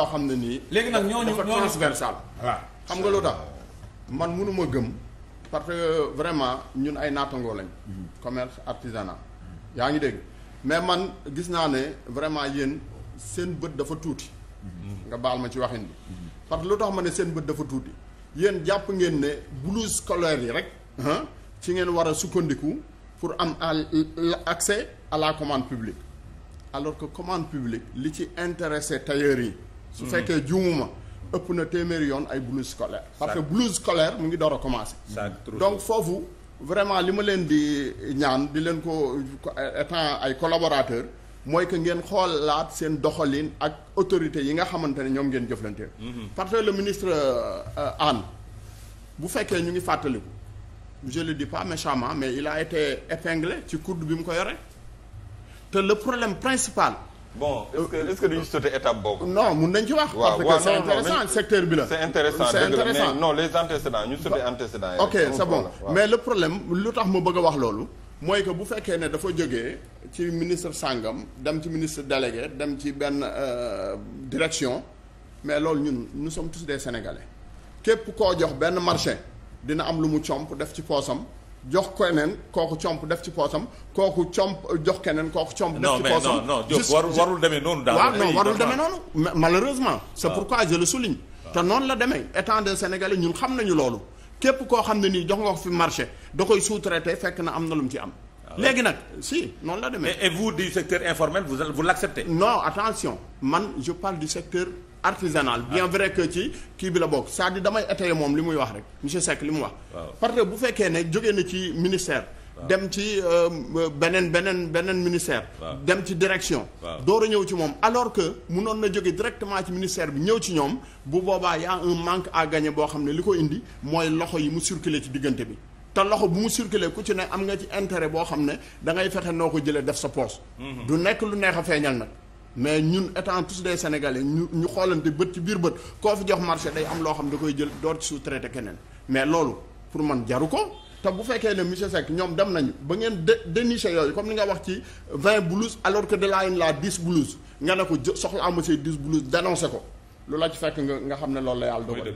loo xam ne nii. léegi nag ñooñu dafa transversal. Ah. xam nga lu tax man mënu ma gëm parce que vraiment ñun ay naatangoo lañ. commerce artisanat. yaa ngi dégg mais man gis naa ne vraiment yéen seen bët dafa tuuti. nga baal ma ci waxin bi. parce que lu tax ma ne seen bët dafa tuuti yéen jàpp ngeen ne blouse scolaire yi rek. ci ngeen war a sukkandiku pour am accès à la commande publique alors que commande publique li ci intéressé tailleur yi. su fekkee juumuma ëpp na téeméeri yoon ay blouse scolaire parce que blouse scolaire mu ngi door a commencé donc foofu vraiment li ma leen di ñaan di leen ko étant ay collaborateurs mooy que ngeen xoolaat seen doxalin ak autorités yi nga xamante ne ñoom ngeen jëflante mhm. parce que le ministre euh, Anne bu fekkee ñu ngi fàttaliku je le dis pas méchamment mais il a été épinglé ci coude bi mu ko yore te le problème principal bon est-ce que étape boobu. non mun nañ ci wax. waaw waaw parce que bi la. c'est intéressant dëgg la mais non les antécédents ñu sauter mais le problème lu tax ma bëgg a wax loolu. mooy que bu fekkee ne dafa jógee ci ministre sàngam dem ci ministre délégué dem ci benn euh, direction mais loolu ñun ñu sommes tous des sénégalais képp koo jox benn marché dina am lu mu comp def ci poosam. jox keneen kooku comp def ci poosam kooku comp jox keneen kooku comp def ci poosam non non warul warul demee noonu daal waaw non warul deme noonu malheureusement c'est ah. pourquoi je le souligne ah. te noonu la demee étant de Sénégalais ñun xam nañu loolu képp koo xam ne nii jox nga ko fi marché da koy sous-traité fekk na am na lu mu ci am Ah léegi nag si noonu la demee. et vous du secteur informel vous vous l'acceptez. non attention man je parle du secteur artisanal. bien ah. vrai que ci kii bi la bokk c'est-à-dire damay étayer moom li muy wax rek monsieur Seck li mu wax. parce que bu fekkee ne jógee na ci ministère. dem ci euh, beneen beneen beneen ministère. dem ci direction. door a ñëw ci moom alors que munoon na jóge directement ci ministère bi ñëw ci ñoom bu boobaa y a manque à boo xam ne li ko indi mooy loxo yi mu ci diggante bi. te loxo bu mu circuler ku ci ne am nga ci intérêt boo xam ne dangay fexe noo ko jëlee def sa poos mhm. du nekk lu neex a feeñal nag mais ñun étant tous sénégal sénégalais ñu ñu xoolante bët ci biir bët koo fi jox marché day am loo xam da koy jël door ci sous-traité keneen mais loolu pour man jaru ko te bu fekkee ne monsieur Seck ñoom dem nañu ba ngeen de déniché yooyu comme ni nga wax ci 20 blouses alors que de la une la 10 blouses nga ne ko soxla am monsieur 10 blouses ko lu la fekk nga xam ne loolu la yàlla dogal